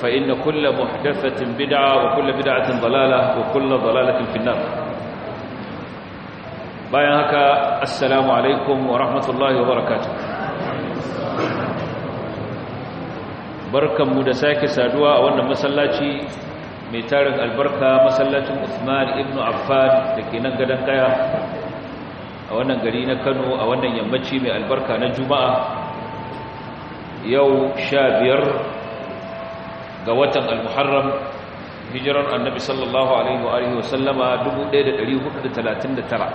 فإن كل محدثة بدعة وكل بدعة ضلالة وكل ضلالة في النار bayan haka assalamu alaikum wa rahmatullahi wa barakatuh barkanmu da sake saduwa a wannan masallaci mai tarin albarka masallacin usman ibnu Affan da ke nan gadon kaya a wannan gari na Kano a wannan yammaci mai albarka na Juma'a yau sha biyar. ga watan al-muharram hijirar annabi sallallahu alaihi wa alihi wa sallama 1439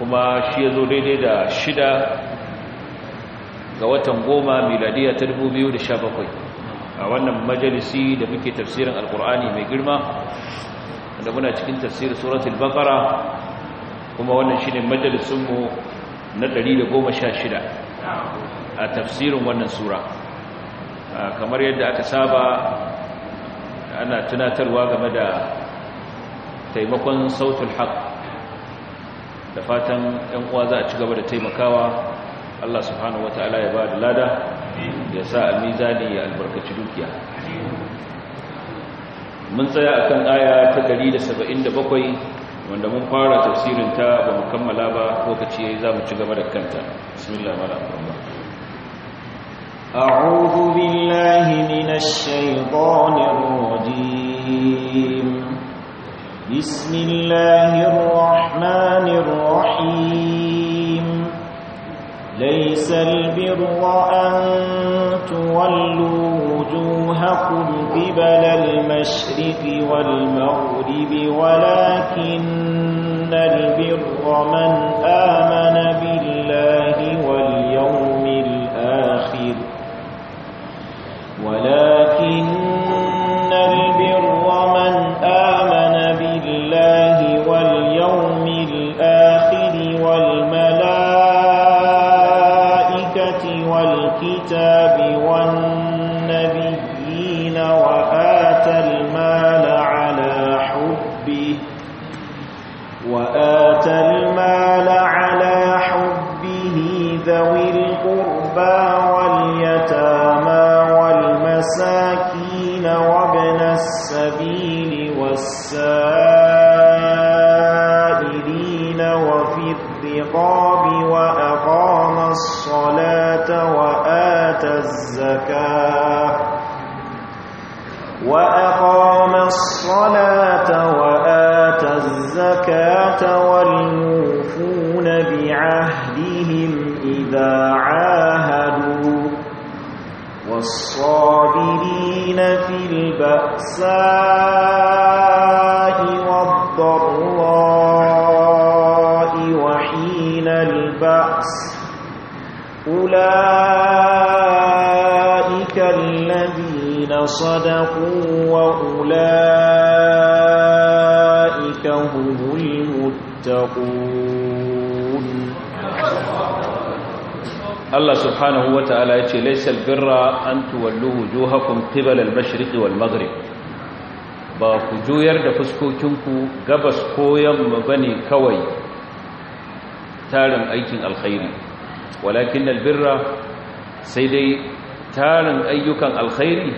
kuma shi zo daidai da shida ga watan goma miladiya ta 2017 a wannan majalisi da muke tafsirin alkur'ani mai girma da muna cikin tafsir suratul baqara kuma wannan shine ne mu na 116 a tafsirin wannan sura kamar yadda aka saba ana tunatarwa game da taimakon sautul haq da fatan yan uwa za a ci gaba da taimakawa Allah subhanahu wataala ya ba da lada ya sa a mizani ya albarkaci dukiya mun tsaya akan aya ta 177 wanda mun fara tafsirin ta ba mu kammala ba lokaci yayi za mu ci gaba da kanta bismillahir أعوذ بالله من الشيطان الرجيم بسم الله الرحمن الرحيم ليس البر أن تولوا وجوهكم قبل المشرق والمغرب ولكن البر من آمن الزكاة وأقام الصلاة وآتى الزكاة والموفون بعهدهم إذا عاهدوا والصابرين في البأساء والضراء وحين البأس أولئك صدقوا وأولئك هم المتقون الله سبحانه وتعالى يقول ليس البر أن تولوا وجوهكم قبل المشرق والمغرب ba ku juyar da fuskokinku gabas ko yamma bane kawai tarin aikin alkhairi walakin albirra sai dai tarin ayyukan alkhairi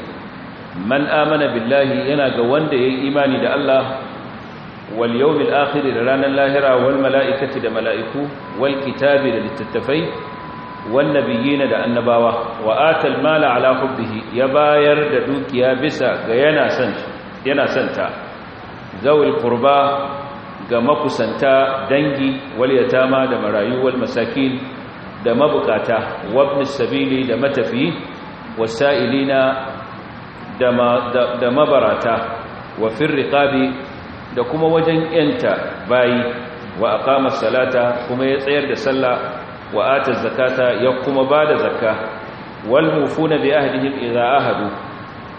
man amana billahi yana ga wanda ya yi imani da Allah wal yawmil akhiri da ranar lahira wal mala'ikati da mala'iku wal kitabi da littattafai wan nabiyina da annabawa wa atal mala ala hubbihi ya bayar da dukiya bisa ga yana santa zawil kurba ga makusanta dangi wal yatama da marayu wal masakin da mabukata wabnis sabili da matafi wasa'ilina da mabarata wa firriqabi da kuma wajen yanta bayi wa aqama salata kuma ya tsayar da sallah wa ata zakata ya kuma da zakka wal mufuna bi ahdihim idza ahadu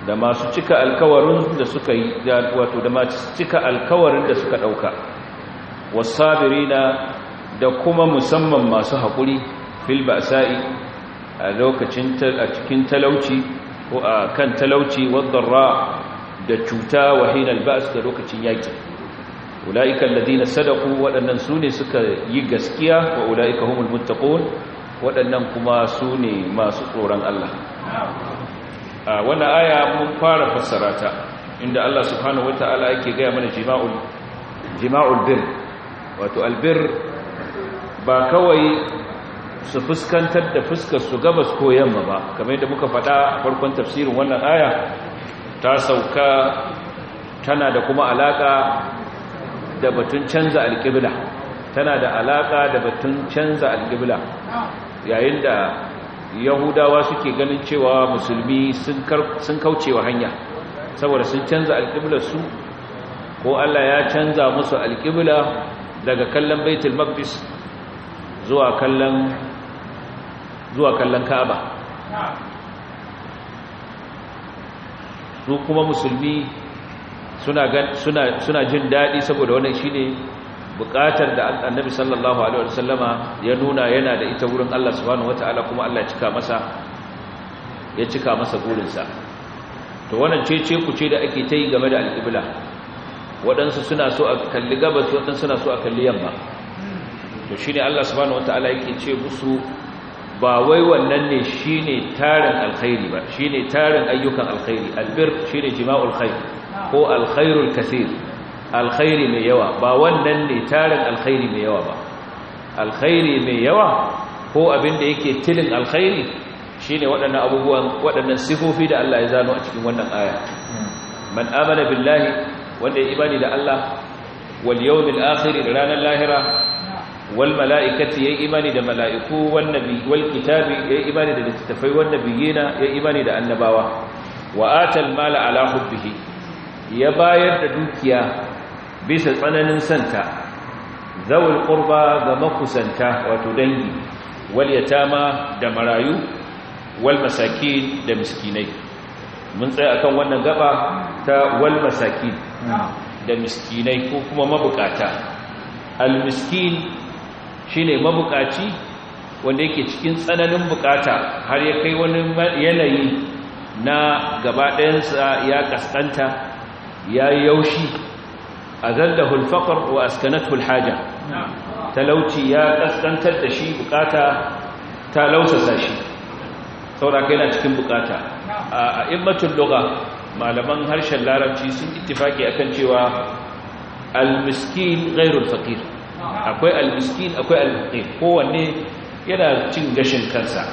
da masu cika alkawarin da suka yi wato da masu cika alkawarin da suka dauka wasabirina da kuma musamman masu haƙuri fil ba'sa'i a lokacin a cikin talauci kan talauci wadarra da cuta wa ba'as da lokacin yaki ulaika alladhina sadaqu wadannan sune suka yi gaskiya wa ulaika humul muttaqun wadannan kuma sune masu tsoron Allah a wannan aya mun fara fassara ta inda Allah subhanahu wataala yake ga mana jima'ul jima'ul bir wato albir ba kawai su fuskantar da fuskar su gabas ko yamma ba kamar yadda muka faɗa a farkon tafsirin wannan aya ta sauka tana da kuma alaka da batun canza alƙibla tana da alaka da batun canza alƙibla yayin da yahudawa suke ganin cewa musulmi sun kaucewa hanya saboda sun canza su ko Allah ya canza musu alƙibla daga kallon baitul maqdis zuwa kallon zuwa kallon kaba su kuma musulmi suna jin daɗi saboda wannan shine buƙatar da annabi sallallahu alaihi wasallama ya nuna yana da ita wurin Allah subhanahu wataala kuma Allah ya cika masa ya cika masa burinsa to wannan cece ce da ake ta yi game da alƙibla waɗansu suna so a kalli gabas waɗansu suna so a kalli yamma to shi ne Allah subhanahu wa ta'ala yake ce musu ba wai wannan ne ne tarin alkhairi ba ne tarin ayyukan alkhairi albir shine jima'ul khair ko alkhairul kasir alkhairi mai yawa ba wannan ne tarin alkhairi mai yawa ba alkhairi mai yawa ko abinda yake tilin alkhairi ne waɗannan abubuwan waɗannan sifofi da Allah ya zano a cikin wannan aya man amana billahi wanda ya imani da Allah wal yawmil akhir da ranar lahira wal mala'ikati yi imani da mala'iku wal kitabi yi imani da littafai wan ya yi imani da annabawa wa atal mala ala hubbihi ya bayar da dukiya bisa tsananin santa zawul ƙurba ga makusanta wato dangi wal yatama da marayu wal masakin da miskinai mun tsaya akan wannan gaba ta wal da miskinai ko kuma mabukata al miskin shine mabukaci wanda yake cikin tsananin bukata har ya kai wani yanayi na gabaɗayansa ya kaskanta ya yaushi a zanda hulfaƙar wa askanat talauci ya kaskantar da shi bukata ta lausasa shi sauraka yana cikin bukata a immatun doga malaman harshen larabci sun itifaki akan cewa al-miskin, gairul fakir. akwai al-miskin akwai alfaqir kowanne yana cin gashin kansa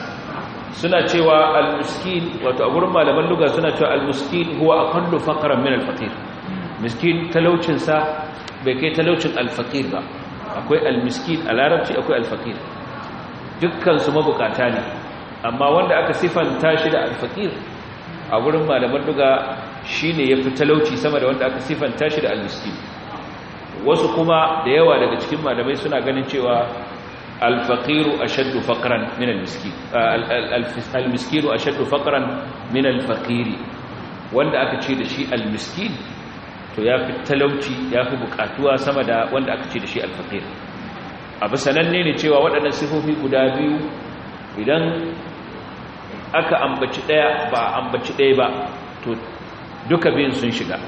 suna cewa al-miskin wato a gurin malaman lugha suna cewa al-miskin huwa aqallu faqran min alfaqir miskin talaucin sa bai kai talaucin alfaqir ba akwai al-miskin a larabci akwai alfaqir dukkan su mabukata ne amma wanda aka sifanta shi da alfaqir a gurin malaman lugha shine yafi talauci sama da wanda aka sifanta shi da al-miskin wasu kuma da yawa daga cikin malamai suna ganin cewa alfaqiru ashaddu faqran min almiski ah, almiskiru ashaddu faqran min alfaqiri wanda aka ce da shi almiskin to yafi talauci yafi bukatuwa sama da wanda aka ce da shi alfaqir abu sananne ne cewa waɗannan sifofi guda biyu idan aka ambaci ɗaya ba ambaci ɗaya ba to duka biyun sun shiga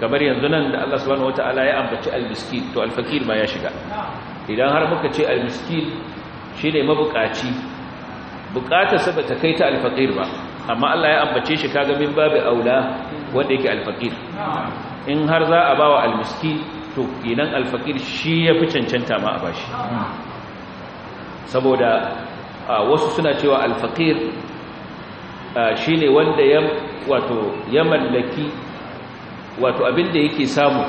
kamar yanzu nan da Allah subhanahu wataala ya ambaci almiskin to alfakir ma ya shiga idan har muka ce almiskin shine mabukaci bukatarsa bata kai ta alfakir ba amma Allah ya ambace shi kaga min babu aula wanda yake alfakir in har za a bawa almiskin to kenan alfakir shi yafi cancanta ma a bashi saboda wasu suna cewa alfakir shine wanda ya wato ya mallaki wato abin da yake samu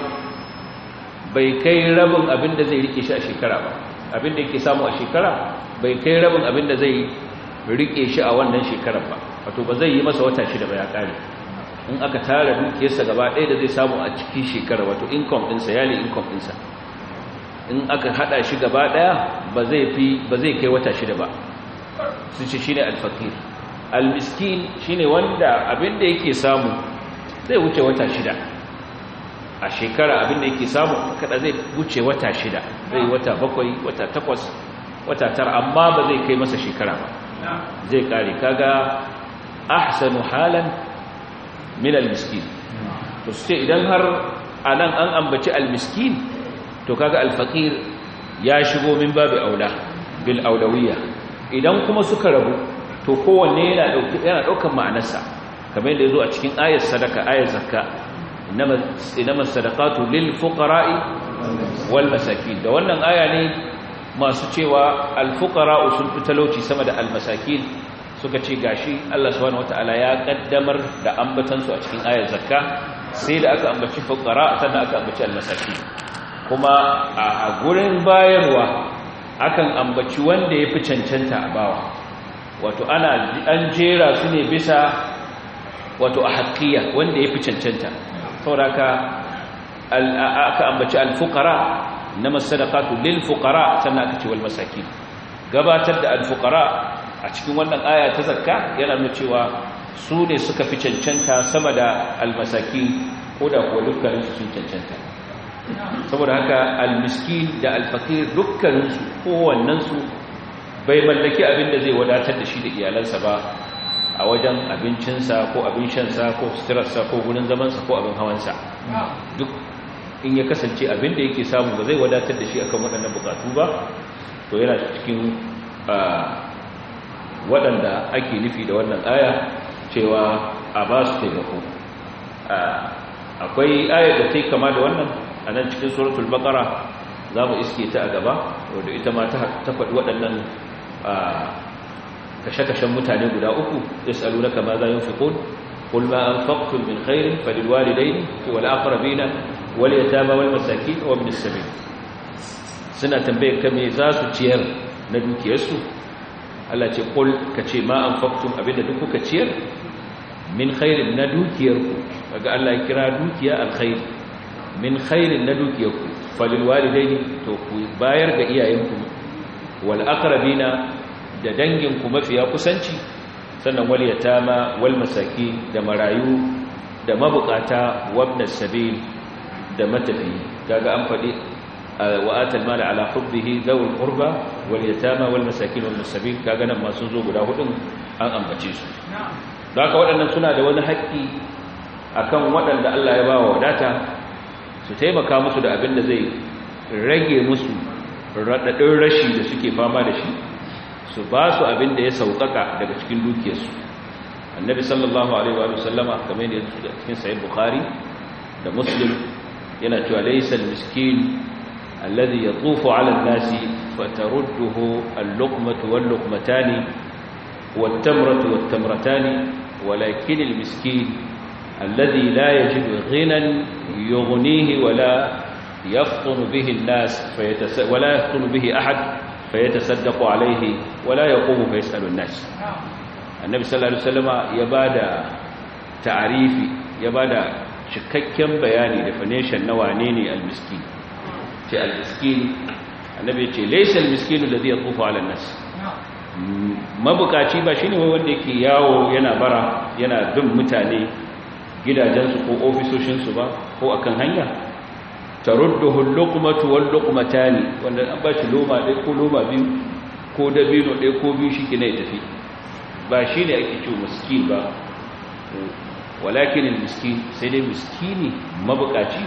bai kai rabin abin da zai rike shi a shekara ba abin da yake samu a shekara bai kai rabin abin da zai rike shi a wannan shekarar ba wato ba zai yi masa wata shida ba ya kare in aka tara dukiyarsa gaba ɗaya da zai samu a cikin shekara wato income ɗinsa yali income ɗinsa in aka haɗa shi gaba ɗaya ba zai fi ba zai kai wata shida ba sun ce shi ne alfakir almiskin shi ne wanda abin da yake samu zai wuce wata shida a shekara abin da yake samu kada zai wuce wata shida zai wata bakwai wata takwas wata tara amma ba zai kai masa shekara ba zai kare kaga ahsanu halan min almiskin to sai idan har anan an ambaci almiskin to kaga alfaqir ya shigo min babu aula bil aulawiyya idan kuma suka rabu to kowanne yana ɗaukan ma'anarsa kamar yadda yazo a cikin ayat sadaka ayat zakka inama الصدقات lil والمساكين ده da wannan aya ne masu cewa al sun fi talauci sama da al suka ce gashi Allah subhanahu wataala ya kaddamar da ambatan su a cikin ayar zakka sai da aka ambaci fuqara da aka ambaci al kuma a gurin bayarwa akan ambaci wanda yafi fi cancanta a bawa wato ana an jera su ne bisa wato a haƙƙiya wanda ya fi cancanta sauraka aka ambaci alfukara na masadakatu lil fukara sannan aka ce wal masakin gabatar da alfukara a cikin wannan aya ta zakka yana nuna cewa su ne suka fi cancanta sama da almasaki ko da kuwa dukkaninsu sun cancanta saboda haka almiski da alfakir dukkaninsu kowannensu bai mallaki abin da zai wadatar da shi da iyalansa ba a wajen abincinsa ko abin shansa ko suturarsa ko gurin zamansa ko abin hawansa duk in ya kasance abin da yake samu ba zai wadatar da shi akan waɗannan bukatu ba to yana cikin waɗanda ake nufi da wannan aya cewa a ba su taimako akwai ayar da ta yi kama da wannan a nan cikin suratul bakara za mu iske ta a gaba wadda ita ma ta faɗi waɗannan kashe-kashen mutane guda uku ya tsaro na kama zayin fiƙon kulma an faƙon min ƙairin fadilwari dai wale akwara bina wale ya tama wani masaki a wani sami suna tambayin kame za su ciyar na dukiyarsu allah ce kul ka ce ma an faƙon abinda duk kuka ciyar min ƙairin na dukiyarku daga allah kira dukiya alkhair min ƙairin na dukiyarku fadilwari dai to ku bayar ga iyayenku wal akwara da danginku mafiya kusanci sannan wal ma wal masaki da marayu da mabukata wabna sabil da matafi kaga an faɗi wa atal mala ala hubbihi zawul qurba wal yatama wal masakin wal sabil kaga nan ma sun zo guda hudun an ambace su don haka waɗannan suna da wani haƙƙi akan waɗanda Allah ya bawa wadata su taimaka musu da abin da zai rage musu raɗaɗin rashi da suke fama da shi su ba su abin da ya sauƙaƙa daga cikin dukiyarsu annabi sallallahu alaihi wa sallama kamar yadda yake cikin sahih bukhari da muslim yana cewa laysa al-miskin alladhi yatufu ala an-nasi tarudduhu al-luqmatu wal-luqmatani wat-tamratu wat-tamratani walakin al-miskin alladhi la yajidu ghinan yughnihi wala يفطن nas fa yatasawala ولا bihi ahad fa yatasaddaqu 'alayhi wala ya fa yasalu nas annabi sallallahu alaihi wasallama ya bada ta'arifi ya bada cikakken bayani definition na wane ne al ce al annabi ce laysa almiskinu alladhi yatufu ala an-nas mabukaci ba shine wanda yake yawo yana bara yana bin mutane gidajensu ko ofisoshinsu ba ko akan hanya taruddu hulqumatu wal-luqmatani wanda an bashi loma dai ko loma biyu ko dabino ɗaya ko biyu shi kina ya tafi ba shi ne ake ce miskin ba walakin miskin sai dai miskini mabukaci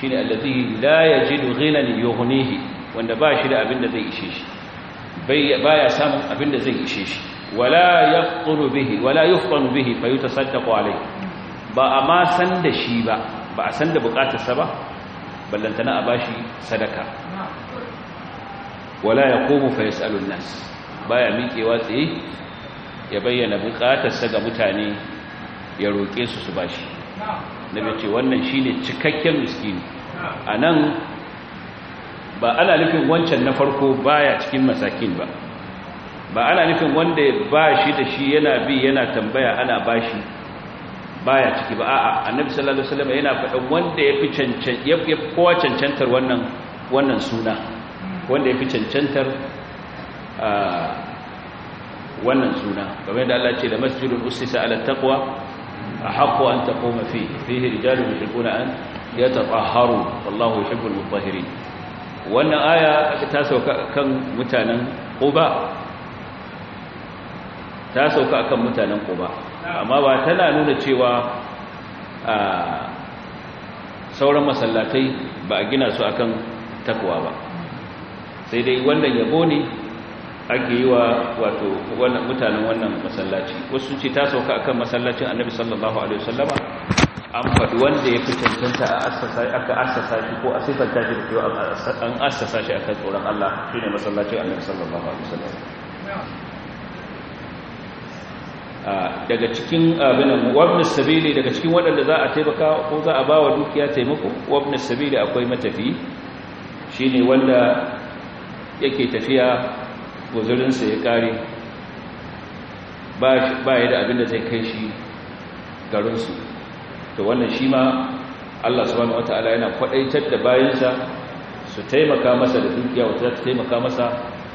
shi ne allazi la yajidu ghinan wanda ba shi da abin da zai ishe shi baya samun abin da zai ishe shi wala yaqulu bihi wala yuftanu bihi fayutasaddaqu alayhi ba ma san da shi ba ba a san da bukatarsa ba ballantana a bashi sadaka wala yaqumu fa yasalu nas baya miƙewa tsaye ya bayyana buƙatarsa ga mutane ya roƙe su su bashi nabi ce wannan shine cikakken miskini anan ba ana nufin wancan na farko baya cikin masakin ba ba ana nufin wanda ba shi da shi yana bi yana tambaya ana ba baya ciki ba a'a annabi sallallahu alaihi wasallam yana faɗan wanda yafi cancan yafi kowa cancantar wannan wannan suna wanda ya fi cancantar wannan suna game da Allah ce da masjidun usisa ala taqwa ahqqu an taquma fihi fihi rijalun yuhibbuna an yatahharu wallahu yuhibbul mutahhirin wannan aya ta sauka kan mutanen Quba ta sauka akan mutanen Quba amma ba tana nuna cewa sauran masallatai ba a gina su akan takwa ba sai dai wannan yabo ne ake yi wa wato wannan mutanen wannan masallaci wasu ce ta sauka akan masallacin annabi sallallahu alaihi wasallama an faɗi wanda ya fi cancanta a aka assasa shi ko a ta shi da cewa an assasa shi akan tsoron Allah shine masallacin annabi sallallahu alaihi wasallama daga cikin nan wabnis sabili daga cikin waɗanda za a taimaka ko za a ba wa dukiya taimako wabnis sabili akwai matafi shine wanda yake tafiya guzurinsa ya kare ba ya da abin da zai kai shi garinsu to wannan shi ma Allah subhanahu wata'ala yana kwadaitar da bayansa su taimaka masa da dukiya wata ta taimaka masa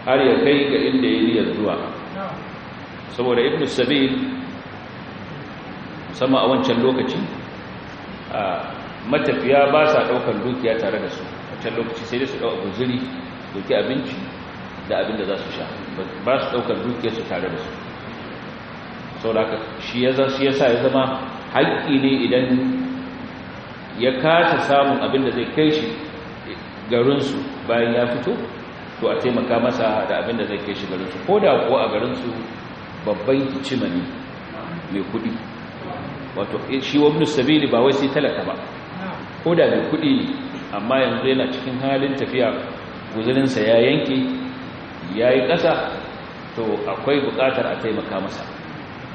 har ya kai ga inda ya niyyar zuwa saboda ibn sabil sama a wancan lokaci matafiya ba sa ɗaukar dukiya tare da su wancan lokaci sai dai su dauka guzuri doki abinci da abin da za su sha ba su daukar dukiyar su tare da su sau haka shi ya sa ya zama haƙƙi ne idan ya kasa samun abin da zai kai shi garinsu bayan ya fito to a taimaka masa da abin da zai kai shi garinsu ko da kuwa a garinsu babban kicima ne mai kuɗi wato shi wani sabili ba wai sai talaka ba ko da mai kuɗi amma yanzu yana cikin halin tafiya guzurinsa ya yanke ya yi ƙasa to akwai buƙatar a taimaka masa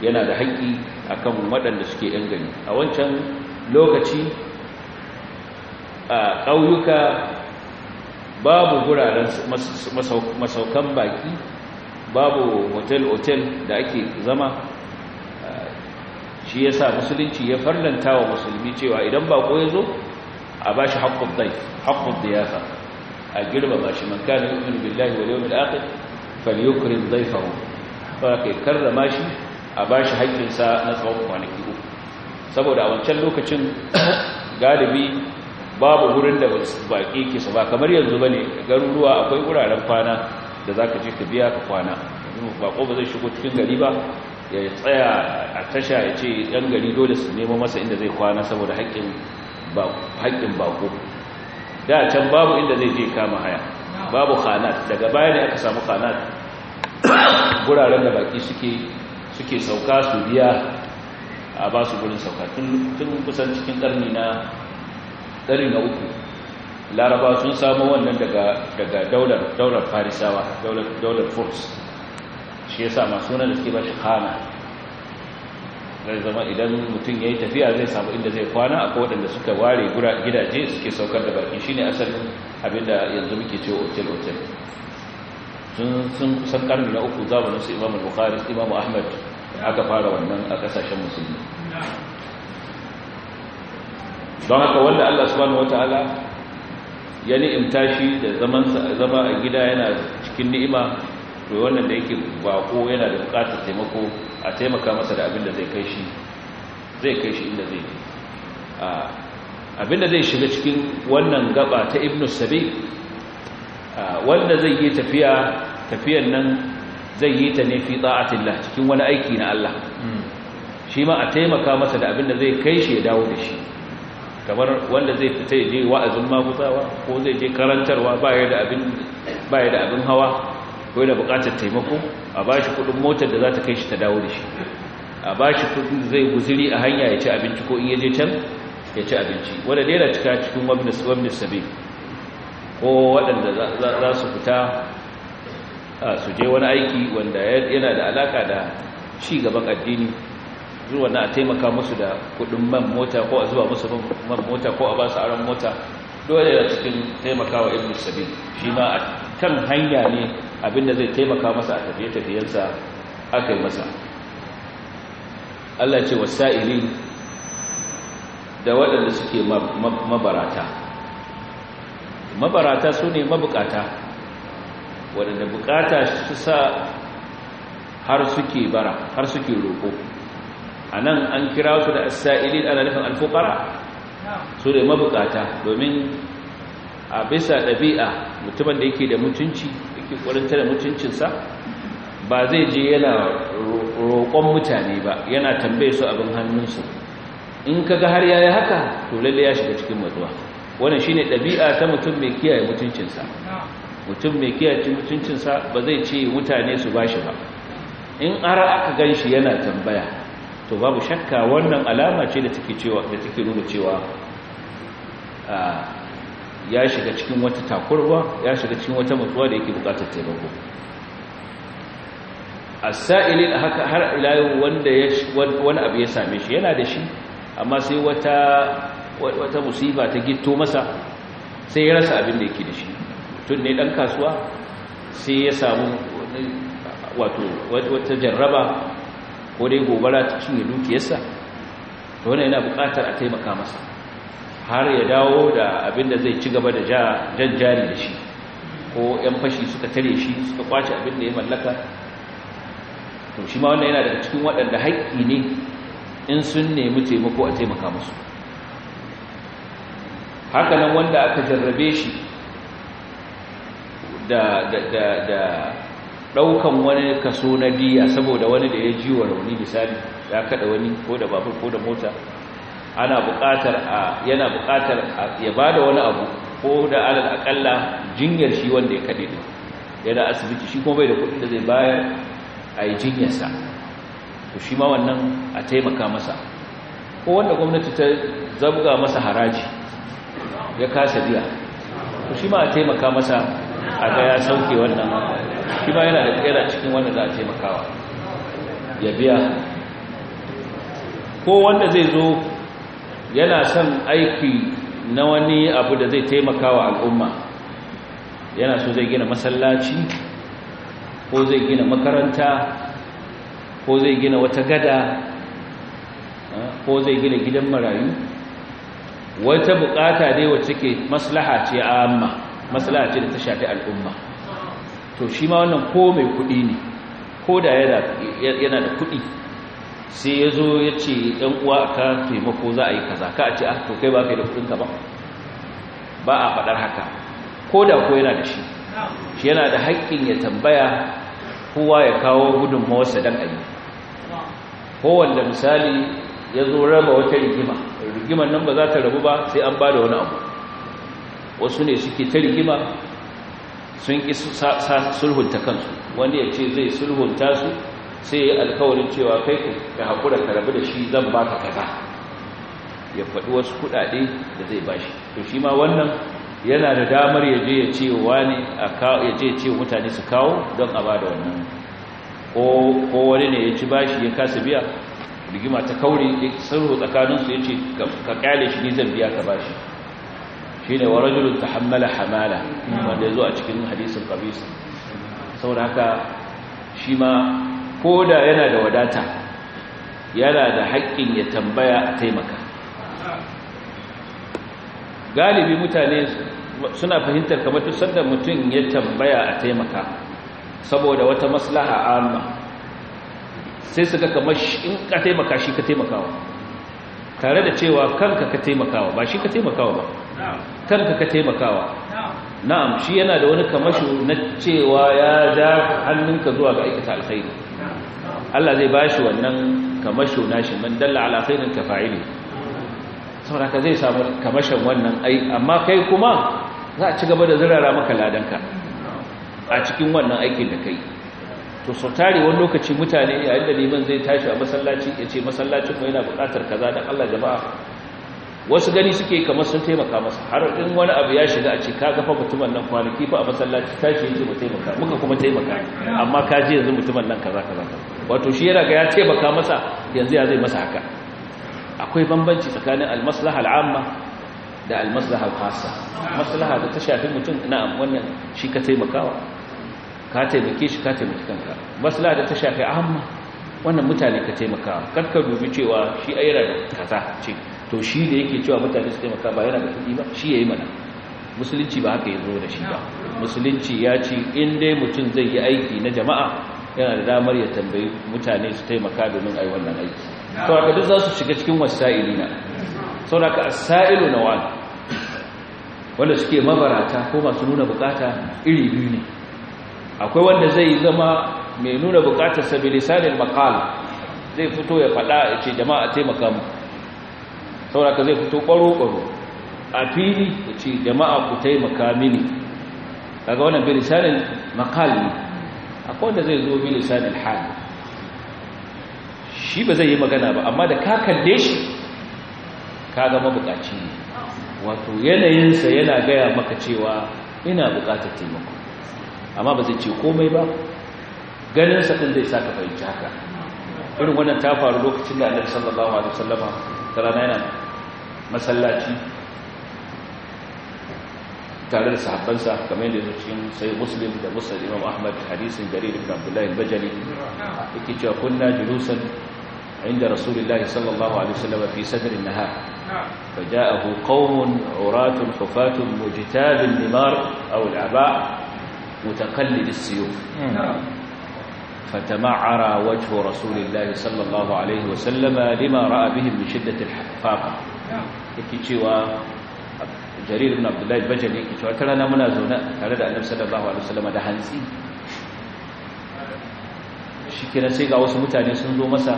yana da haƙƙi a kan waɗanda suke ɗan gani a wancan lokaci a ƙauyuka babu guraren masaukan baki, babu hotel-hotel da ake zama shi ya sa musulunci ya farlanta wa musulmi cewa idan baƙo ya zo a ba shi haƙƙun diyasa a girmama shi man kana yu'minu billahi wal yawmil akhir falyukrim dayfahu fa kai karrama shi a bashi haƙƙin sa na tsawon kwanaki uku saboda a wancan lokacin galibi babu wurin da baƙi ke su ba kamar yanzu bane garuruwa akwai wuraren kwana da zaka je ka biya ka kwana bako ba zai shigo cikin gari ba ya tsaya a tasha ya ce ɗan gari dole su nemo masa inda zai kwana saboda haƙƙin bako da can babu inda zai je kama haya babu khanat daga baya ne aka samu khanat guraren da baki suke suke sauka su biya a ba su gurin sauka tun kusan cikin karni na ɗari na uku laraba sun samu wannan daga daular farisawa daular force shi ya sa masu nan da suke ba shi khanat zai zama idan mutum ya yi tafiya zai samu inda zai kwana akwai waɗanda suka ware gidaje suke saukar da baki shine asalin abinda yanzu muke cewa otel otel sun kusan karni na uku zamanin su imamu bukari imamu ahmad aka fara wannan a kasashen musulmi don haka wanda allah subhanahu ala ya ni'imta shi da zama a gida yana cikin ni'ima to wannan da yake bako yana da bukatar taimako a taimaka masa da abinda zai kai shi zai kai shi inda zai ne Abinda zai shiga cikin wannan gaba ta ibnu sabi wanda zai yi tafiya tafiyan nan zai yi ta ne fi ta'atillah cikin wani aiki na Allah hmm. shi ma a taimaka masa da abinda zai kai shi ya dawo da shi kamar wanda zai fita ya je wa'azin maguzawa ko zai je karantarwa baya da abin hawa ko yana buƙatar taimako a ba shi kuɗin motar da za ta kai shi ta dawo da shi a ba shi kuɗin zai guziri a hanya ya ci abinci ko in ya je can ya ci abinci wanda dai yana cika cikin wabnin sabi ko waɗanda za su fita su je wani aiki wanda yana da alaka da ci gaban addini zuwa na a taimaka musu da kuɗin man mota ko a zuwa musu man mota ko a ba su aron mota dole da cikin taimakawa ibnu sabi shi ma a kan hanya ne abinda zai taimaka masa a tafiye-tafiyensa aka yi masa Allah ce wasa'ili da waɗanda suke mabarata mabarata su ne mabukata waɗanda bukata su sa har suke bara har suke roƙo a nan an kira su da asa'ili ana nufin alfukara su ne mabukata domin a bisa ɗabi'a mutumin da yake da mutunci yake ƙwarinta da mutuncinsa ba zai je yana roƙon mutane ba yana tambaye su abin hannunsu in ka ga har yayi haka to lalle ya shiga cikin matuwa wannan shine ɗabi'a ta mutum mai kiyaye mutuncinsa mutum mai kiyaye mutuncinsa ba zai ce mutane su bashi ba in har aka gan shi yana tambaya to babu shakka wannan alama ce da take cewa nuna cewa ah, ya shiga cikin wata takurwa ya shiga cikin wata mutuwa da yake bukatar taimako a sailin haka har ila wanda ya wani abu ya same shi yana da shi amma sai wata musifa musiba ta gito masa sai ya rasa abin da yake da shi tun ne dan kasuwa sai ya samu wato wata jarraba ko dai gobara ta cinye dukiyarsa to wani yana bukatar a taimaka masa har ya dawo da abin da zai ci gaba da jari da shi ko 'yan fashi suka tare shi suka kwace abin da ya mallaka to shi ma wannan yana daga cikin waɗanda haƙƙi ne in sun nemi taimako a taimaka musu Hakanan wanda aka jarrabe shi da ɗaukan wani kaso na diya saboda wani da ya ji wa rauni misali ya kaɗa wani ko da babur ko da mota ana buƙatar a yana buƙatar ya ba da wani abu ko da alal akalla jinyar shi wanda ya kade din yana asibiti shi kuma bai da kuɗin da zai bayar a yi jinyarsa to shi ma wannan a taimaka masa ko wanda gwamnati ta zabga masa haraji ya kasa biya to shi ma a taimaka masa a ga ya sauke wannan shi ma yana da tsera cikin wanda za a taimakawa ya biya ko wanda zai zo yana son aiki na wani abu da zai taimaka wa al'umma yana so zai gina masallaci ko zai gina makaranta ko zai gina wata gada ko zai gina gidan marayu wata bukata dai wacce ke maslaha ce a amma maslaha ce da ta shafi al'umma to shi ma wannan ko mai kudi ne ko da yana da kudi sai ya zo ya ce ɗan uwa ka taimako za a yi kaza ka a ce a, ah, to kai ba kai da ka ba ba a faɗar haka ko da ko yana da shi shi yana da haƙƙin ya tambaya kowa ya kawo gudunmawarsa don a yi kowanda misali ya zo raba wata rigima rigimar nan ba za ta rabu ba sai an ba da wani abu wasu ne suke ta rigima sun ƙi sulhunta kansu wani ya ce zai sulhunta su sai ya alkawarin cewa kai ku. ka haƙura ka rabu da shi zan ba ka kaza ya faɗi wasu kuɗaɗe da zai ba to shi ma wannan yana da damar ya je ya ce wani ya je ya ce mutane su kawo don a ba da wannan ko wani ne ya ci bashi ya kasa biya rigima ta kauri sulhu tsakaninsu ya ce ka kyale shi ni zan biya ka bashi shi ne wa rajulun ta hammala hamala wanda ya zo a cikin hadisin kabisa saboda haka shi ma ko da yana da wadata yana da haƙƙin ya tambaya a taimaka galibi mutane suna fahimtar kamar duk sanda mutum ya tambaya a taimaka saboda wata maslaha amma sai su ga kamar in ka taimaka shi ka taimakawa tare da cewa kanka ka taimakawa ba shi ka taimakawa ba kanka ka taimakawa na'am shi yana da wani kamashu na cewa ya ja hannunka zuwa ga aikata alkhairi Allah zai bashi wannan kamasho nashi man dalla ala khairin kafa'ili saboda ka zai samu kamashin wannan ai amma kai kuma za a ci gaba da zirara maka ladanka a cikin wannan aikin da kai to so tare wani lokaci mutane yayin da liman zai tashi a masallaci ya ce masallacin mu yana buƙatar kaza dan Allah jama'a wasu gani suke kamar sun taimaka masa har in wani abu ya shiga a ce ka gafa mutumin nan kwanaki fa a masallaci tashi yanzu mu taimaka muka kuma taimaka amma ka ji yanzu mutumin nan kaza kaza kaza wato shi yana ga ya taimaka masa yanzu ya zai masa haka akwai bambanci tsakanin almaslaha al'amma da almaslaha khassa maslaha da ta shafi mutum na'am wannan shi ka taimakawa ka taimake shi ka taimaki kanka maslaha da ta shafi amma wannan mutane ka taimakawa karka dubi cewa shi ayyana da kaza ce to shi da yake cewa mutane su taimaka ba yana da kuɗi ba shi ya yi mana musulunci ba haka ya zo da shi ba musulunci ya ce in dai mutum zai yi aiki na jama'a yana da damar ya tambayi mutane su taimaka domin a yi wannan aiki ka duk za su shiga cikin wasa'ilina saboda as-sa'ilu wani wanda suke mabarata ko masu nuna bukata iri biyu ne akwai wanda zai zama mai nuna bukatar sabilisanin makal. zai fito ya fada ya ce jama'a taimaka mu ka zai fito kwaro-kwaro a fili ya ce jama'a ku taimaka mini daga wannan bilisanin makal ne akwai wanda zai zo bi lisanin hal shi ba zai yi magana ba amma da ka kalle shi ka ga mabukaci ne wato yanayinsa yana gaya maka cewa ina bukatar taimako amma ba zai ce komai ba ganin ɗin zai sa ka fahimci haka irin wannan ta faru lokacin da annabi sallallahu alaihi wasallama tarana yana masallaci tare da sahabbansa kamar yadda cikin sai muslim da musnad imam ahmad hadisin jarir ibn abdullah al-bajali yake cewa kunna julusan inda rasulullahi sallallahu alaihi wasallam fi sadr an-nahar فجاءه قوم عراة حفاة مجتاب النمار أو العباء متقلد السيوف فتمعر وجه رسول الله صلى الله عليه وسلم لما رأى بهم من شدة الحفاقة yake cewa jarir ibn abdullahi bajali ke cewa ta rana muna zaune tare da annabi sallallahu alaihi wasallam da hantsi Shikira sai ga wasu mutane sun zo masa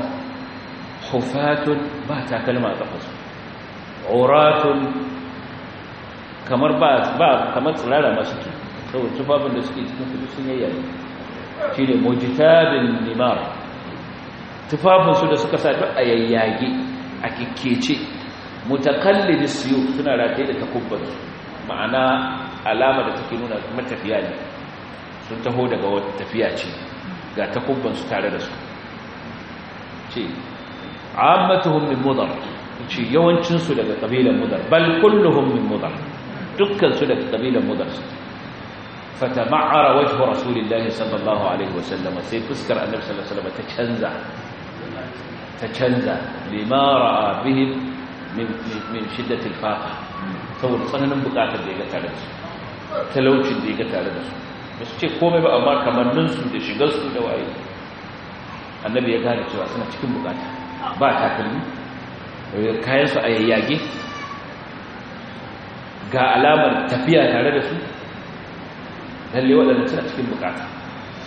hufatun ba takalma a su. uratun kamar ba ba kamar tsirara masu suke saboda tufafin da suke cikin kudu sun shi ne mujtabin nimar tufafin su da suka sa duk a yayyage a kikkece mutakallidi siyu suna rataye da takubbansu ma'ana alama da take nuna matafiya ne sun taho daga wata tafiya ce ga takubbansu tare da su ce ammatuhum min mudar ce yawancin su daga kabilan mudar bal kulluhum min mudar dukkan su daga kabilan mudar fatama'ara wajhu rasulillahi sallallahu alaihi wa sallam. sai fuskar annabi sallallahu alaihi wasallam ta canza ta canza limara bihim min shiddatil faqa saboda tsananin bukatar da ya ga tare da su talaucin da ya ga tare da su ba su ce komai ba amma kamannin su da shigar su da waye annabi ya gane cewa suna cikin bukata ba takalmi eh, kayan su a yayyage ga alamar tafiya tare da su lalle waɗanda suna cikin bukata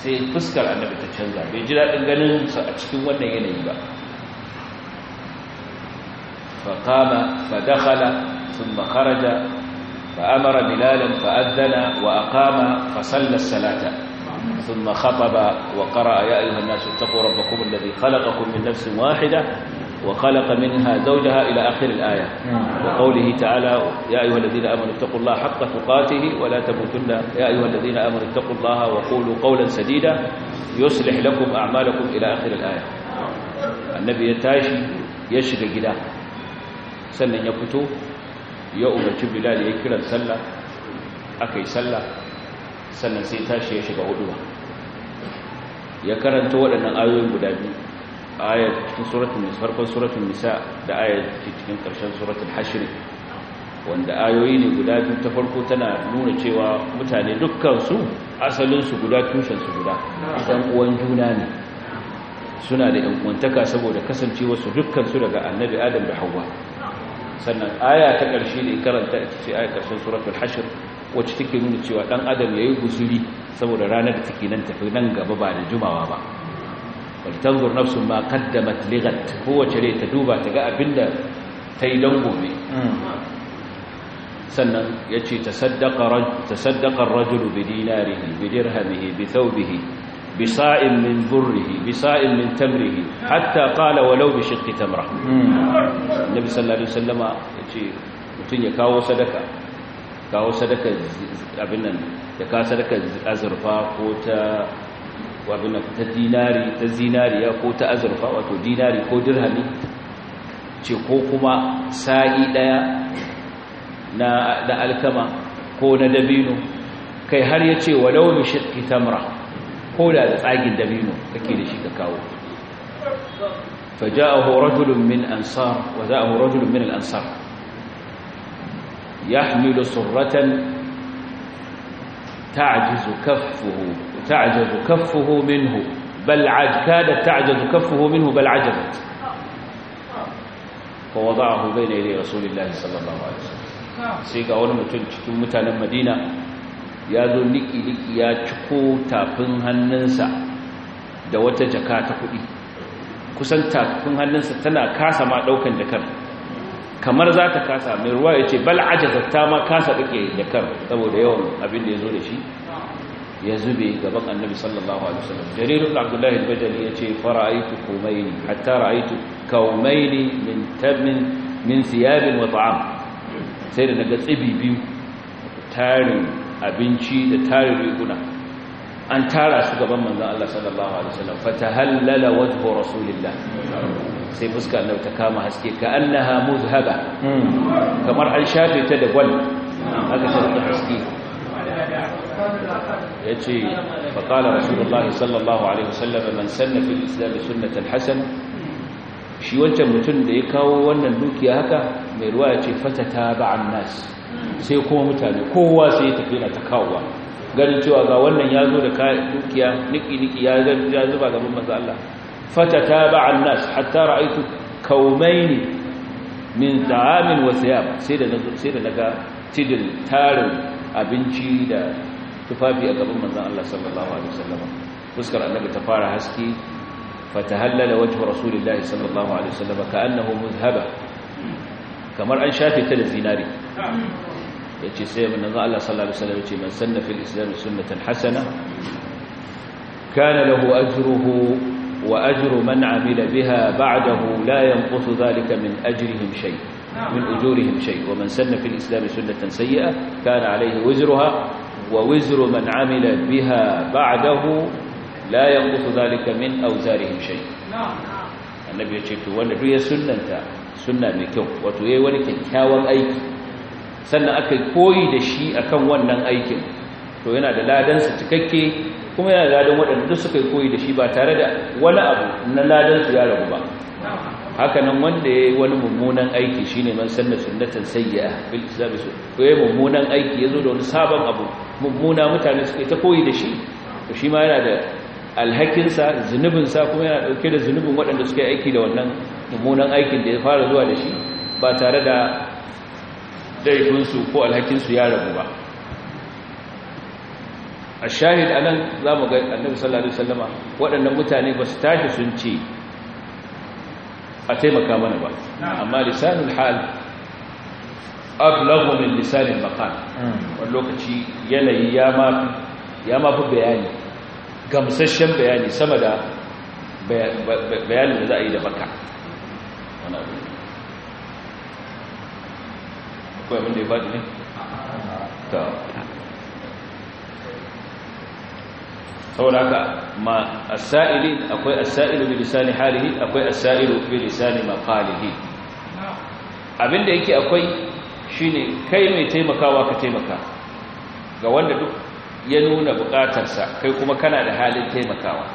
sai fuskar annabi ta canza bai ji daɗin ganin su a cikin wannan yanayi ba فقام فدخل ثم خرج فأمر بلالا فأذن وأقام فصلى الصلاة ثم خطب وقرأ يا أيها الناس اتقوا ربكم الذي خلقكم من نفس واحدة وخلق منها زوجها إلى آخر الآية وقوله تعالى يا أيها الذين آمنوا اتقوا الله حق تقاته ولا تموتن يا أيها الذين آمنوا اتقوا الله وقولوا قولا سديدا يصلح لكم أعمالكم إلى آخر الآية النبي يتعيش يشرق له sannan ya fito ya umarci bilal ya kiran sallah aka yi sallah sannan sai tashi ya shiga huduwa ya karanta waɗannan ayoyin guda biyu ayar cikin suratun farkon suratun nisa da ayar cikin ƙarshen suratun hashiri wanda ayoyi ne guda biyu ta farko tana nuna cewa mutane dukkansu asalinsu guda tushensu guda Isan uwan juna ne suna da ‘yan'uwantaka saboda kasancewarsu dukkansu daga annabi adam da hawa sannan aya ta ƙarshe da karanta ita ce aya ƙarshen suratul hashr wacce take nuna cewa dan adam yayi guzuri saboda ranar da take nan tafi nan gaba ba da jumawa ba wal tanzur nafsun ma qaddamat lighat kowace rai ta duba ta ga abinda ta yi dan gobe sannan ya ce ta saddakar rajulu bi dinarihi bi dirhamihi bi thawbihi bisa'in min burrihi bisa'in min tamrihi hatta qala walau bi shiqqi tamra nabi sallallahu alaihi wasallama yace mutun ya kawo sadaka ya sadaka azurfa ko ta abin ta dinari ta zinariya ko ta azurfa wato dinari ko dirhami ce ko kuma sa'i daya na alkama ko na dabino kai har yace walau bi tamra koda da tsagin dabino kake da shi ka kawo فجاءه رجل من أنصار وجاءه رجل من الأنصار يحمل صرة تعجز كفه تعجز كفه منه بل عج كادت تعجز كفه منه بل عجزت فوضعه بين يدي رسول الله صلى الله عليه وسلم سيقا wani mutum cikin mutanen Madina ya zo niki-niki ya ciko tafin hannunsa da wata jaka ta kuɗi kusan tafin hannunsa tana kasa ma ɗaukan jakar kamar za ta kasa mai ruwa ya ce bal'ajar ta ma kasa ɗauke jakar saboda yawan abin da ya zo da shi ya zube gaban annabi sallallahu alaihi wasallam jarir abdullahi al-bajali yace fara'aytu kumaini hatta ra'aytu kaumaini min tabmin min siyabin wa ta'am sai da naga tsibi biyu tarin abinci da tare riguna an tara su gaban manzon Allah sallallahu alaihi wasallam fatahallala wajhu rasulillah sai fuska annabi ta kama haske ka annaha muzhaba kamar an shafe ta da gwal ta da haske yace fa qala rasulullah sallallahu alaihi wasallam man sanna fil islam sunnatan hasan shi wancan mutum da ya kawo wannan dukiya haka mai ruwa yace ta ba'an nas sai kuma mutane kowa sai ya tafi na ta kawowa ganin cewa ga wannan ya zo da dukiya niki-niki ya zuba gaban maza Allah fata ta ba'an nas hatta ra'aitu kaumaini min ta'amin wa siyam sai da sai da naga tidil tarin abinci da tufafi a gaban manzon Allah sallallahu alaihi wasallam fuskar annabi ta fara haske fatahallala wajhu rasulillahi sallallahu alaihi wasallam ka'annahu muzhaba kamar an shafe ta da zinari ya ce sai abin da Allah sallallahu Alaihi wasallam ya ce man sanna fil islam sunnatan hasana kana lahu ajruhu wa ajru man amila biha ba'dahu la yanqusu dhalika min ajrihim shay min ujurihim shay wa man sanna fil islam sunnatan sayyi'a kana alayhi wizruha wa wizru man amila biha ba'dahu la yanqusu dhalika min awzarihim shay annabi ya ce to wanda duk ya sunnanta sunna mai kyau wato yayi wani kyakkyawan aiki sannan aka koyi da shi akan wannan aikin to yana da ladan sa cikakke kuma yana da ladan wadanda duk suka koyi da shi ba tare da wani abu na ladan su ya rabu ba haka nan wanda yayi wani mummunan aiki shine man sanna sunnatan sayyi'a bil hisabi su to yayi mummunan aiki yazo da wani sabon abu mummuna mutane suke ta koyi da shi to shi ma yana da alhakinsa zunubinsa kuma yana ɗauke da zunubin waɗanda suke aiki da wannan mummunan aikin da ya fara zuwa da shi ba tare da daifinsu ko alhakinsu ya rabu ba a shahid anan za mu ga annabi sallallahu alaihi wasallama waɗannan mutane ba su tashi sun ce a taimaka mana ba amma lisanul hal ablaghu min lisanil maqal hmm. wannan lokaci yanayi ya ma ya ma fi bayani Gamsashen bayani sama da bayanin da za a yi da baka wani abu akwai abin da ya faɗi ne? ta sauraka ma asa'ili akwai asa'ili bi lisani halihi akwai asa'ili bi lisani maqalihi abinda yake akwai shine kai mai taimakawa ka taimaka ga wanda duk ya nuna bukatarsa kai kuma kana da halin taimakawa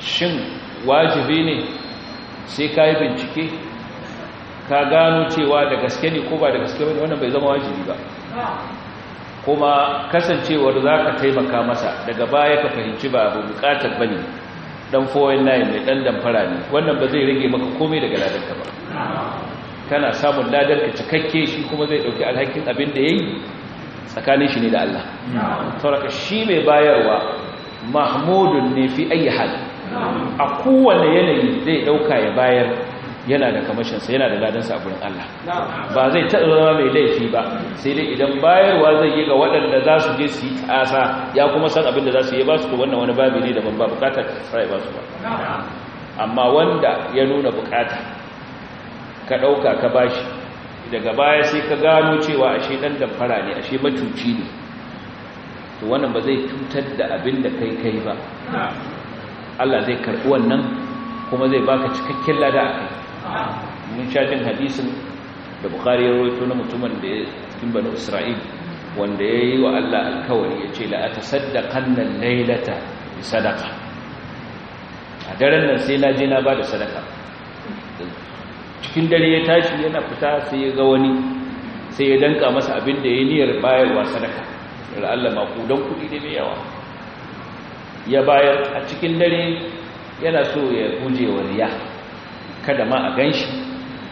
shin wajibi ne sai ka yi bincike ka gano cewa da gaske ne ko ba da gaske ne wannan bai zama wajibi ba kuma kasancewar za ka taimaka masa daga baya ka fahimci ba abu bukatar ba ne dan na mai dan damfara ne wannan ba zai rage maka komai daga ladarka ba kana samun ladarka cikakke shi kuma zai dauki alhakin abin da ya yi tsakanin shi ne da Allah sauraka shi mai bayarwa mahmudun ne fi ayi hal a kowane yanayi zai dauka ya bayar yana da kamashinsa yana da ladansa a gurin Allah ba zai taɓa zama mai laifi ba sai dai idan bayarwa zai yi ga waɗanda za su je su yi ya kuma san abin da za su yi ba su to wannan wani babi ne daban ba bukatar tsaye ba su ba amma wanda ya nuna bukata ka ɗauka ka bashi daga baya sai ka gano cewa ashe dan damfara ne ashe matuci ne to wannan ba zai cutar da abin da kai kai ba Allah zai karɓi wannan kuma zai baka cikakken lada a kai mun sha jin hadisin da Bukhari ya rawaito na mutumin da ya cikin bani Isra'il wanda ya yi wa Allah alkawari ya ce la atasaddaqanna laylata bi sadaqa a daren nan sai na je na ba da sadaka cikin dare ya tashi yana fita sai ya ga wani sai ya danka masa abin da ya niyyar bayarwa sadaka da Allah makudan kuɗi da mai yawa ya bayar a cikin dare yana so ya guje wa riya kada ma a ganshi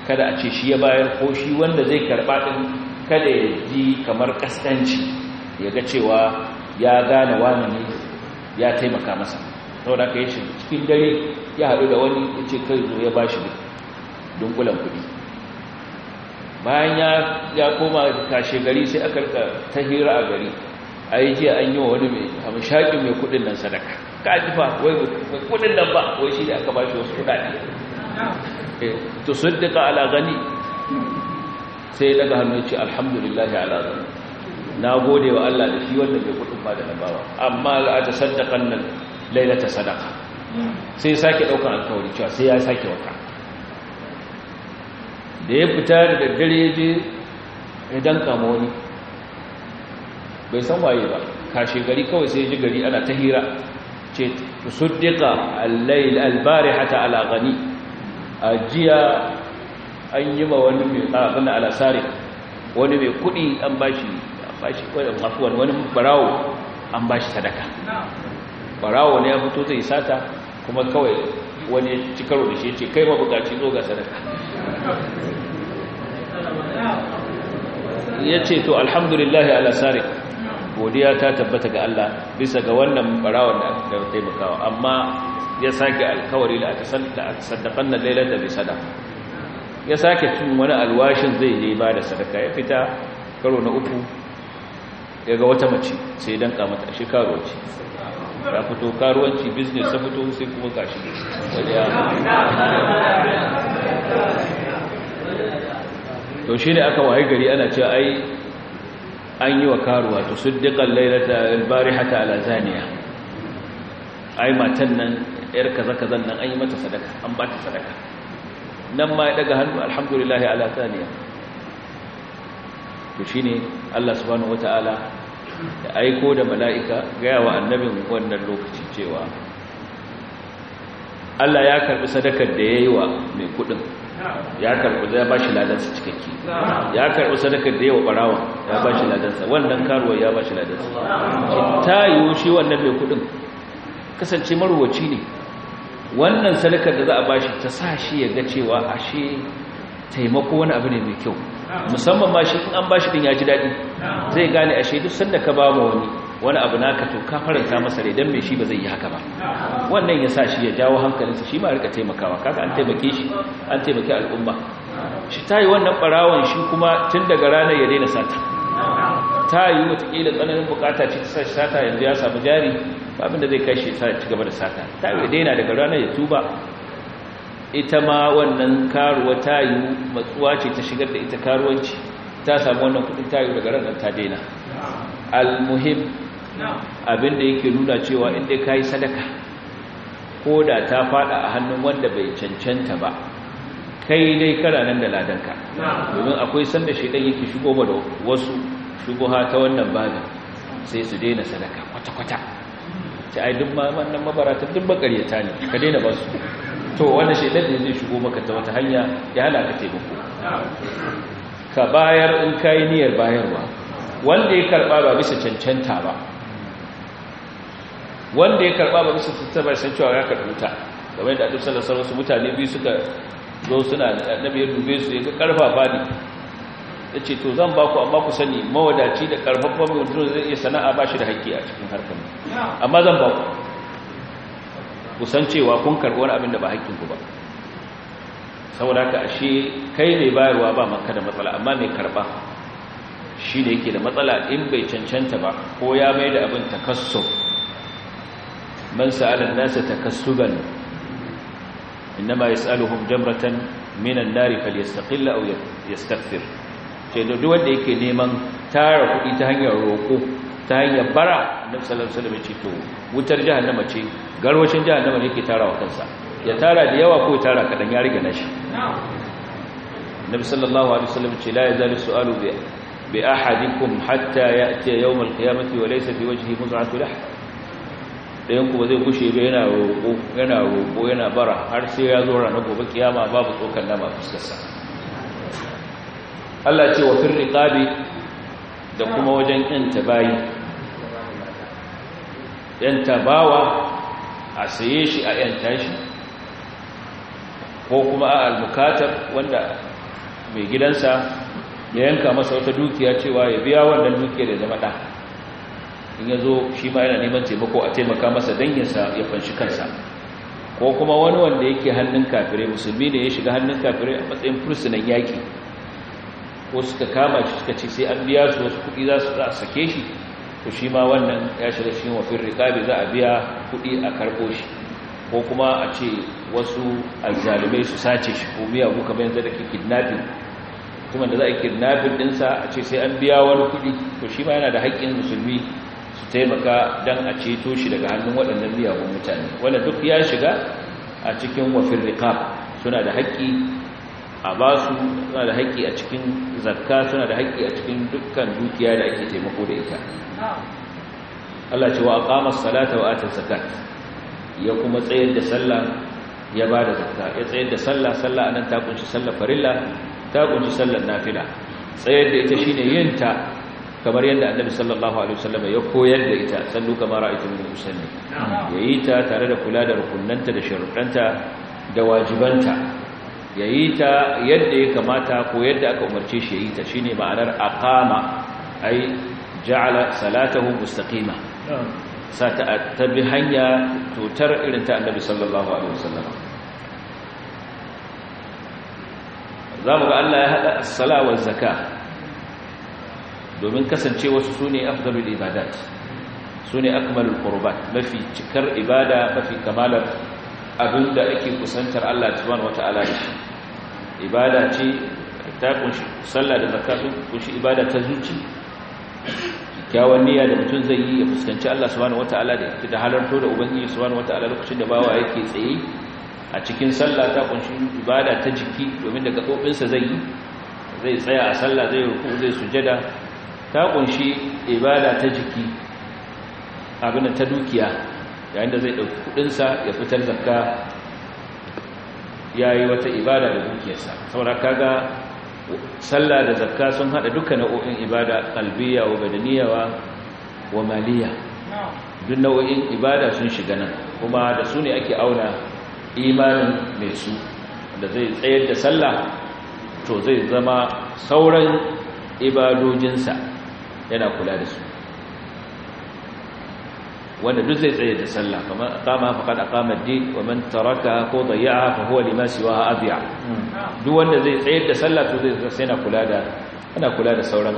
kada a ce shi ya bayar ko shi wanda zai karɓa ɗin kada ya ji kamar kaskanci ya ga cewa ya gane wani ne ya taimaka masa saboda ka yi shi cikin dare ya haɗu da wani ya ce kai zo ya ba shi dunkulan kudi bayan ya koma kashe gari sai aka ta hira a gari a yi jiya an yi wa wani mai shaƙi mai kudin nan sadaka ka jifa wai mai kudin nan ba wai shi da aka ba shi wasu kudade eh, to sun daga ala sai sai daga hannun ce alhamdulillah ya gani na gode wa Allah da shi wanda mai kudin ba da na bawa amma a ta sadakan nan lailata sadaka sai sake daukan alkawari cewa sai ya sake wata da ya fita da daddare ya je ya danka ma wani bai san waye ba kashe gari kawai sai ya ji gari ana ta hira ce tusuddika al-layl al-barihata ala ghani ajiya an yi ma wani mai tsafin ala sare wani mai kudi an bashi bashi wani wani barawo an bashi sadaka barawo ne ya fito zai sata kuma kawai wani cikaro da shi ce kai ma bukaci zo ga sadaka ya ce to alhamdulillahi ala sari godiya ta tabbata ga Allah bisa ga wannan barawon da aka taimakawa amma ya sake alkawari da aka saddakan na lailar da bisada ya sake tun wani alwashin zai je ba da sadaka ya fita karo na uku ya wata mace sai dan kamata shi karo ce ka fito karuwanci business ta fito sai kuma gashi to shi ne aka waye gari ana cewa ai an yi wa karuwa to suddiƙan lailata Albarihata hata ala zaniya ai matan nan yar kaza-kazan nan an yi mata sadaka an ba ta sadaka nan ma ya daga hannu alhamdulillahi ala zaniya to shi ne allah subhanahu wata'ala da aiko da mala'ika gaya wa annabin wannan lokaci cewa Allah ya karɓi sadakar da ya yi wa mai kuɗin ya karɓi ya ba shi ladansa cikakke ya karɓi sadakar da ya wa barawa ya ba shi ladansa wannan karuwa ya ba shi ladansa ta yiwu shi wannan mai kuɗin kasance maruwaci ne wannan sadakar da za a ba shi ta sa shi ya ga cewa ashe taimako wani abu ne mai kyau musamman ma shi an ba shi din ya ji daɗi zai gane ashe duk sanda ka ba wani wani abu naka to ka faranta masa rai dan me shi ba zai yi haka ba wannan ya sa shi ya jawo hankalinsa shi ma rika taimakawa kaga an taimake shi an taimake al'umma shi tayi wannan barawon shi kuma tun daga ranar ya daina sata ta yi watakila tsananin bukata ce ta sa sata yanzu ya samu jari babin da zai kai shi ta ci gaba da sata ta yi daina daga ranar ya tuba ita ma wannan karuwa ta yi matsuwa ce ta shigar da ita karuwanci ta samu wannan kudin ta yi daga ranar ta daina almuhim abinda yake nuna cewa inda ka yi sadaka ko da ta fada a hannun wanda bai cancanta ba kai dai kara nan da ladanka domin akwai sanda shi shaidan yake shigo ba da wasu ha ta wannan babin sai su daina sadaka kwata-kwata ta ai duk ma wannan mabarata duk bakaryata ne ka daina ba su to wanda shaidan ne zai shigo maka ta wata hanya ya halaka ka taimako ka bayar in kayi niyyar bayarwa wanda ya karba ba bisa cancanta ba wanda ya karba ba bisa tattaba san cewa ya karbi ta game da annabi sallallahu alaihi wasallam mutane biyu suka zo suna annabi ya dube su ya ga karfafa ne ya to zan baku amma ku sani mawadaci da karfafan mutum zai iya sana'a ba shi da haƙƙi a cikin harkar amma zan baku Kusan cewa kun karɓi wani abin da ba haƙƙinku ba saboda ka ashe kai ne bayarwa ba maka da matsala amma mai karɓa shi ne yake da matsala in bai cancanta ba ko ya mai da abin takasso man sa'alan nasa takassuban innama yas'aluhum jamratan minan nari falyastaqilla aw yastakthir ce da duk wanda yake neman tara kuɗi ta hanyar roƙo ta hanyar bara annabi sallallahu alaihi wasallam ya ce to wutar jahannama ce garwashin jahannama ne ke tara wa kansa ya tara da yawa ko ya tara kadan ya rige nashi nabi sallallahu alaihi wasallam ce la yazalu su'alu bi bi ahadikum hatta ya'ti yawm al-qiyamati wa laysa fi wajhi muz'atu lah dayan ku ba zai kushe ba yana roƙo yana yana bara har sai ya zo ranar gobe kiyama babu tsokan nama fuskarsa Allah ce wa fir riqabi da kuma wajen yanta tabayi Yanta bawa. a saye shi a 'yan tashi ko kuma a albukatar wanda mai gidansa ya yanka masa wata dukiya cewa ya biya wannan dukiyar ya zama ɗa in ya zo shi ma yana neman taimako a taimaka masa danginsa ya fanshi kansa ko kuma wani wanda yake hannun kafirai musulmi ne ya shiga hannun kafirai a matsayin fursunan yaki ko suka kama shi suka ce sai an biya su wasu kuɗi za su sake shi to shi ma wannan ya shiga cikin wafin riƙabi za a biya kuɗi a karko shi ko kuma a ce wasu azalimai su sace shi ko biya ko kamar yanzu da ke kidnapping kuma da za a yi kidnapping ɗinsa a ce sai an biya wani kuɗi to shi ma yana da haƙƙin musulmi su taimaka don a ceto shi daga hannun waɗannan miyagun mutane wanda duk ya shiga a cikin wafin riƙab suna da haƙƙi a ba su suna da haƙƙi a cikin zakka suna da haƙƙi a cikin dukkan dukiya da ake taimako da ita Allah ce wa aqama as-salata wa ata zakat ya kuma tsayar da sallah ya bada zakata ya tsayar da sallah sallah anan ta kunshi sallah farilla ta kunshi sallah nafila tsayar da ita shine yin ta kamar yadda annabi sallallahu alaihi wasallam ya koyar da ita sallu kama ra'aytu min musalli yayi ta tare da kula da rukunnanta da sharuɗanta da wajibanta yayi ta yadda ya kamata ko yadda aka umarce shi yayi ta shine ma'anar aqama ai ja'ala salatahu mustaqima sa ta bi hanya tutar irin ta annabi sallallahu alaihi wasallam zamu ga Allah ya hada as-sala wa zakah domin kasance wasu sune afdalul ibadat sune akmalul qurbat mafi cikar ibada mafi kamalar abinda ake kusantar Allah subhanahu wataala ibada ce ta kunshi sallah da zakah kunshi ibada ta zuci. kyawun niyya da mutum zai yi ya fuskanci Allah subhanahu wata'ala da ita da halarto da ubangiji subhanahu wata'ala lokacin da bawa yake tsaye a cikin sallah ta kunshi ibada ta jiki domin da gabobinsa zai yi zai tsaya a sallah zai ruku zai sujada ta kunshi ibada ta jiki abin ta dukiya yayin da zai dauki kudinsa ya fitar zakka yayi wata ibada da dukiyarsa saboda kaga sallah da zakka sun hada duka nau'o'in ibada qalbiyya wa badaniyya wa maliyya duk nau'o'in ibada sun shiga nan kuma da su ne ake auna imanin mai su da zai tsayar da sallah to zai zama sauran ibadojinsa yana kula da su wanda duk zai tsaye da sallah kamar aqama faqad aqama ad-din wa man taraka ko daya'a fa huwa lima siwaha adiya hmm. duk wanda zai tsaye da sallah to zai sai na kula da ana kula da sauran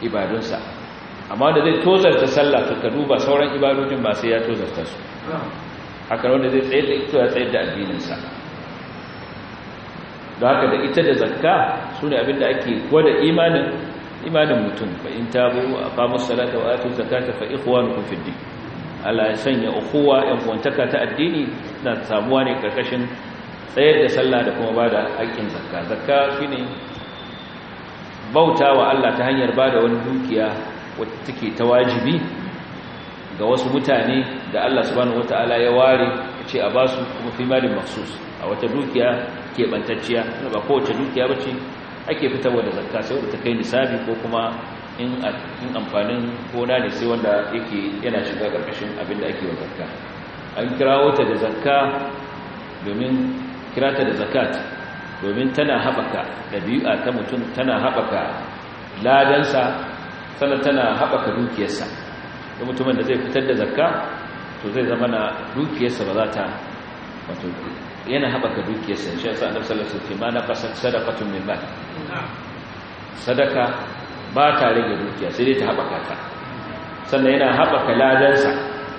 ibadunsa amma wanda zai tozarta sallah to ka duba sauran ibadojin ba sai ya tozarta su hmm. haka wanda zai tsaye da ita ya tsaye da addininsa da haka da ita da zakka su ne abinda ake gwada imanin imanin mutum fa in tabu aqamu salata wa atu zakata fa ikhwanukum fid din Allah ya sanya ukhuwa yan uwantaka ta addini na samuwa ne karkashin tsayar da sallah da kuma bada haƙƙin zakka zakka shine bautawa Allah ta hanyar bada wani dukiya wacce take ta wajibi ga wasu mutane da Allah subhanahu wataala ya ware ya ce a basu kuma fi malin mahsus a wata dukiya keɓantacciya ba kowace dukiya bace ake fitarwa da zakka sai wanda ta kai nisabi ko kuma in amfanin gona ne sai wanda yake yana shiga ƙarƙashin abin da ake wa zakka an kirawo ta da zakka domin kirata da zakat domin tana haɓaka ɗabi'a ta mutum tana haɓaka ladansa sannan tana haɓaka dukiyarsa da mutumin da zai fitar da zakka to zai zama na dukiyarsa ba za ta wato yana haɓaka dukiyarsa shi yasa annabi sallallahu alaihi wasallam ma na kasat sadaqatun min ba. sadaka ba ta rage dukiya sai dai ta haɓaka ta sannan yana haɓaka ladarsa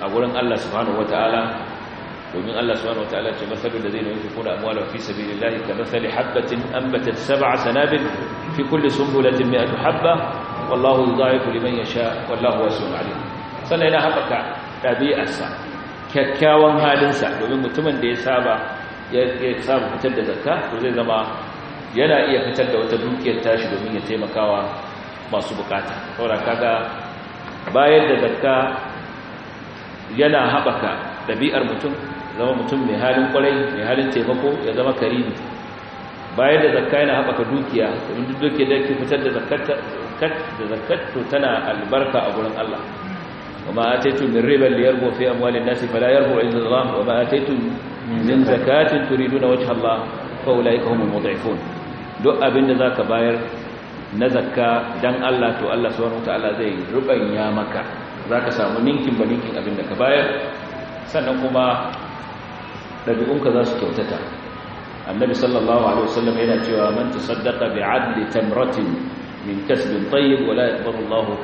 a wurin Allah subhanahu wataala domin Allah subhanahu wataala ce da zai nuna masalul ladina yunfiquna amwalahum fi sabilillahi kamathali habatin anbatat sab'a sanabin. fi kulle kulli sunbulatin mi'atu haɓa? wallahu yudha'ifu liman sha wallahu wasu alim sannan yana haɓaka ɗabi'arsa kyakkyawan halinsa domin mutumin da ya saba ya samu fitar da zakka ko zai zama yana iya fitar da wata dukiyar tashi domin ya taimakawa masu bukata saboda kaga bayar da zakka yana haɓaka ɗabi'ar mutum zama mutum mai halin kwarai mai halin taimako ya zama karimi bayar da zakka yana haɓaka dukiya domin duk dukiya da ke fitar da zarkar to tana albarka a gurin Allah وما آتيتم من ربا ليربو في أموال الناس فلا يربو عند الله وما آتيتم min zakatin turiduna wajha Allah fa ka humul mudhifun duk abinda zaka bayar na zakka dan Allah to Allah subhanahu wataala zai ya maka zaka samu ninkin ba ninkin abinda ka bayar sannan kuma dabi'unka za su kyautata annabi sallallahu alaihi wasallam yana cewa man tasaddaqa bi'adli tamratin min kasbin tayyib wala yaqbalu Allahu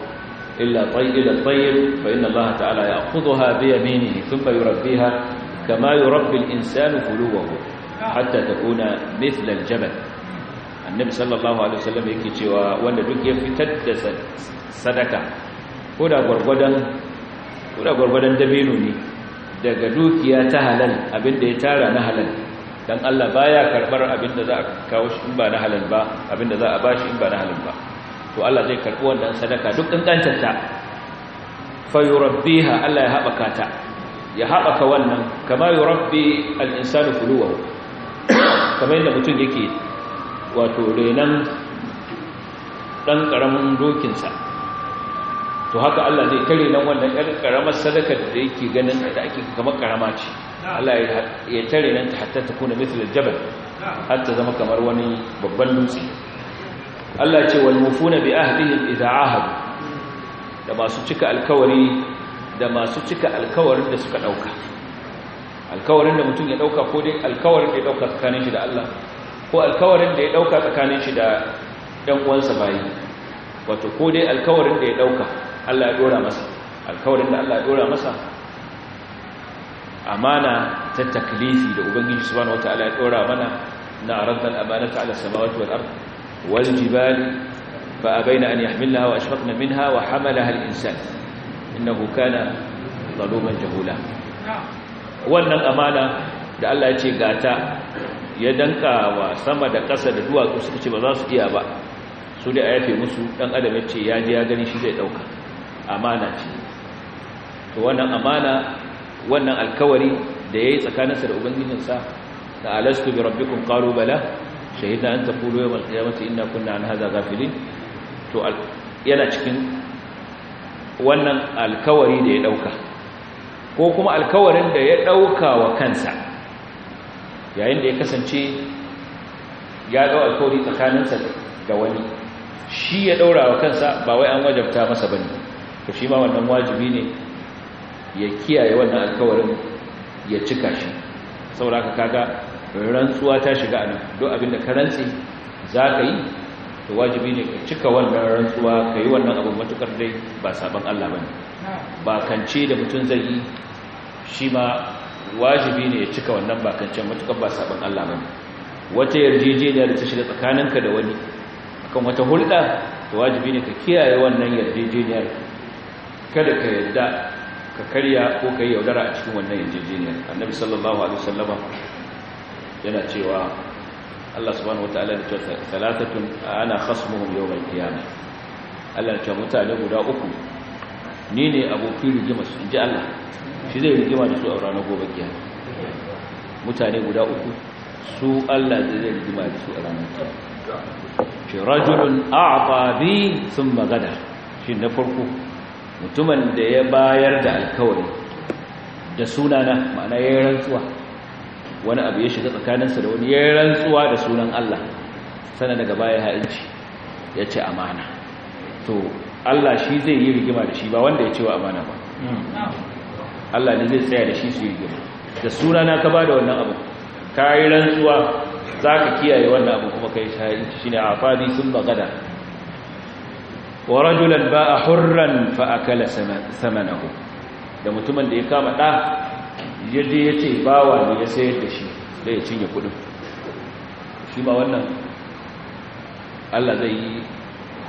إلا طيب إلى الطيب فإن الله تعالى يأخذها بيمينه ثم يربيها kama yurabbi al-insanu fuluwahu hatta takuna mithla al-jabal annabi sallallahu alaihi wasallam yake cewa wanda duk ya fitar da sadaka ko da gurgurdan ko da gurgurdan dabino ne daga dukiya ta halal abinda ya tara na halal dan Allah baya karbar abinda za a kawo shi in ba na halal ba abinda za a bashi in ba na ba to Allah zai karbi wannan sadaka duk kankantar ta fa Allah ya haɓaka ta ya haɓaka wannan kama yi rabbi al'insani kuluwa kamar yadda mutum yake wato renon ɗan ƙaramin dokinsa to haka Allah zai kare nan wannan ɗan ƙaramar sadakar da yake ganin da ake kamar ƙarama ce Allah ya tare nan ta hatta ta kuna da jabal har ta zama kamar wani babban dutse Allah ce wal mufuna bi ahdihim idza ahadu da masu cika alkawari da masu cika alkawarin da suka dauka alkawarin da mutum ya dauka ko dai alkawarin da ya dauka tsakanin shi da Allah ko alkawarin da ya dauka tsakanin shi da ɗan uwansa bayi wato ko dai alkawarin da ya dauka Allah ya dora masa alkawarin da Allah ya dora masa amana ta taklifi da ubangiji subhanahu wataala ya dora mana na aradna al-amanata ala samawati wal ard wal jibali fa abaina an yahmilnaha wa ashfaqna minha wa hamalaha al-insan innahu kana zaluman jahula wannan amana da Allah ya ce gata ya danka wa sama da ƙasa da duwatsu suka ce ba za su iya ba su da a yafe musu dan adam ya ce ya ji ya gani shi zai ɗauka amana ce to wannan amana wannan alkawari da yayi yi tsakaninsa da ubangijin sa da alastu bi rabbikum ƙaro bala shahida an taqulu yawm alqiyamati inna kunna an hadha gafilin to yana cikin wannan alkawari da ya ɗauka ko kuma alkawarin da ya ɗauka wa kansa yayin da ya kasance ya ɗau alkawari tsakaninsa da wani shi ya ɗaura wa kansa ba wai an wajabta masa ba ne to shi ma wannan wajibi ne ya kiyaye wannan alkawarin ya cika shi saboda haka kaga rantsuwa ta shiga a nan duk abinda ka rantse za ka yi to wajibi ne ka cika wannan rantsuwa ka yi wannan abin matukar dai ba sabon Allah ba ne bakance da mutum zai yi shi ma wajibi ne ya cika wannan bakancen matukar ba sabon Allah ba ne wata yarjejeniya da ta shiga tsakaninka da wani akan wata hulɗa to wajibi ne ka kiyaye wannan yarjejeniyar kada ka yadda ka karya ko ka yi yaudara a cikin wannan yarjejeniyar annabi sallallahu alaihi wasallama yana cewa Allah subhanahu ta'ala ya ce salatatun ana khasmuhum yawmal al-qiyamah Allah ya mutane guda uku ni ne abokin rigima su inji Allah shi zai rigima da su a ranar gobe kiyama mutane guda uku su Allah zai rigima da su a ranar kiyama shi rajulun a'ta bi thumma gada shi na farko mutumin da ya bayar da alkawari da sunana ma'ana yayin rantsuwa wani abu ya shiga tsakaninsa da wani ya rantsuwa da sunan Allah sana daga baya ha'inci ya ce amana to Allah shi zai yi rigima da shi ba wanda ya ce wa amana ba Allah ne zai tsaya da shi su yi rigima da sunana ka ba da wannan abu ka yi rantsuwa za ka kiyaye wannan abu kuma ka yi ha'inci shi ne a fadi sun bagada wa rajulan ba a hurran fa'akala samanahu da mutumin da ya kama ɗa yadda ya ce bawa ne ya sayar da shi da ya cinye kudin shi ba wannan Allah zai yi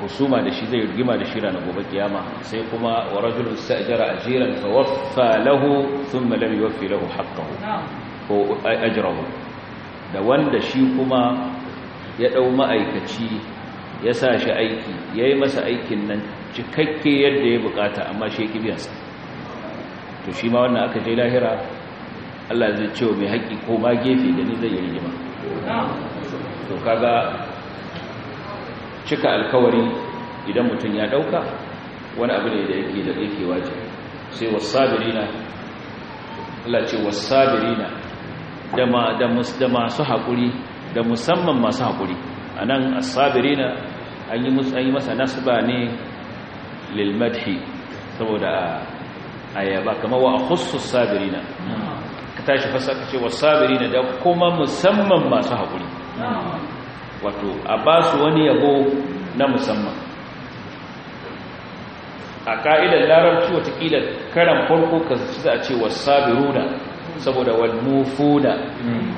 husuma da shi zai rigima da shi ranar gobe kiyama sai kuma wa rajul sa'jara ajiran fa waffa lahu thumma lam yuwaffi lahu haqqahu ko ajrahu da wanda shi kuma ya dau ma'aikaci ya sa shi aiki yayi masa aikin nan cikakke yadda ya bukata amma shi ya kibiyansa to shi ma wannan aka je lahira Allah zai ce mai haƙi ko ma gefe da ni zai yi rigima to kaga cika alkawari idan mutum ya dauka wani abu ne da yake da yake waje sai wasabirina Allah ce wasabirina da ma da da masu hakuri da musamman masu hakuri anan asabirina an yi musu an yi masa nasba ne lil madhi saboda ayaba kamar wa khussus sabirina tashi fasaka ce wasabirina da kuma musamman masu haƙuri wato a ba su wani yabo na musamman a ka'idar larabci watakila karan farko ka za a ce da saboda walmufuna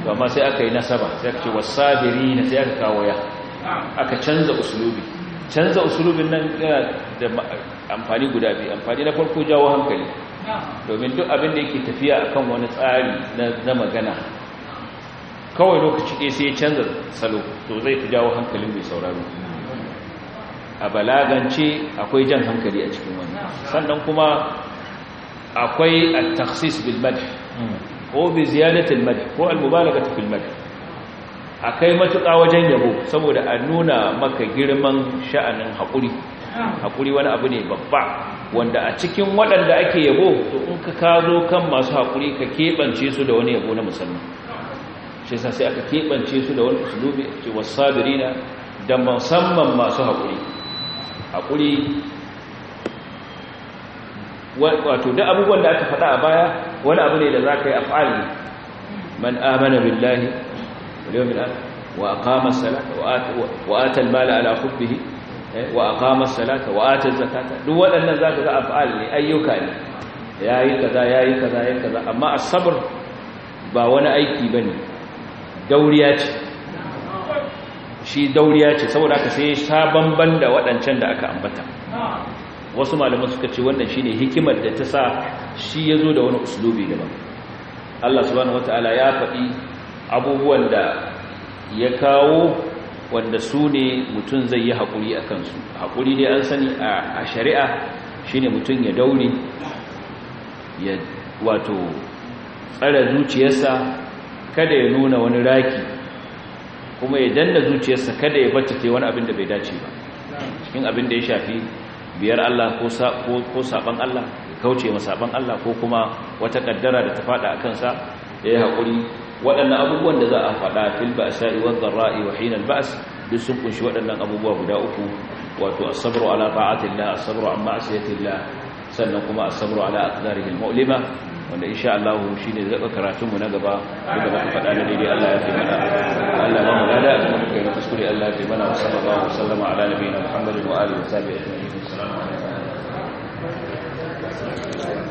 amma sai aka yi nasaba sai aka ce na sai aka ya aka canza usulubi canza usulubin nan yana da amfani guda biyu amfani na farko jawo hankali domin duk abin da yake tafiya akan wani tsari na magana kawai lokaci ɗaya sai ya canza salo to zai fi jawo hankalin mai sauraro a balagance akwai jan hankali a cikin wani sannan kuma akwai a takhsis bilmadi ko bi ziyadati al ko al ta fil A akai matuƙa wajen yabo saboda a nuna maka girman sha'anin haƙuri hakuri wani abu ne babba wanda a cikin waɗanda ake yabo to in ka kazo kan masu hakuri ka keɓance su da wani yabo na musamman shi yasa sai aka keɓance su da wani usulubi ce wasabirina da musamman masu hakuri hakuri wato da abubuwan da aka faɗa a baya wani abu ne da za ka yi af'ali man amana billahi wal yawmil akhir wa aqama as-salata wa ata al-mala ala hubbihi Eh, wa aqama salata wa ata zakata duk waɗannan zaka ga af'al ne ayyuka ne yayi kaza yayi kaza yayi kaza amma as-sabr ba wani aiki bane dauriya ce shi dauriya ce saboda aka sai sabon ban da waɗancan da aka ambata wasu malaman suka ce wannan shine hikimar da ta sa shi yazo da wani uslubi daban Allah subhanahu wataala ya faɗi abubuwan da ya kawo wanda su ne mutum zai yi haƙuri a kansu haƙuri dai an sani a shari'a shine mutum ya daure ya wato tsara zuciyarsa kada ya nuna wani raki kuma ya danna zuciyarsa kada ya bacce wani abin da bai dace ba cikin abin da ya shafi biyar Allah ko saban Allah kauce ma Allah ko kuma wata kaddara da ta fada a kansa ya yi haƙuri waɗannan abubuwan da za a faɗa fil ba'sa'i wad dharra'i wa hina ba'as bas duk sun kunshi waɗannan abubuwa guda uku wato as-sabru ala ta'atillah as-sabru an ma'siyatillah sannan kuma as-sabru ala aqdarihi al-mu'lima wanda insha Allah shine zaba karatun mu na gaba da muka faɗa da dai Allah ya fi Allah ba mu lada da muka kai kuskure Allah ya fi mana wa sallallahu alaihi wa sallama ala nabiyyina Muhammadin wa alihi wa sahbihi ajma'in assalamu alaikum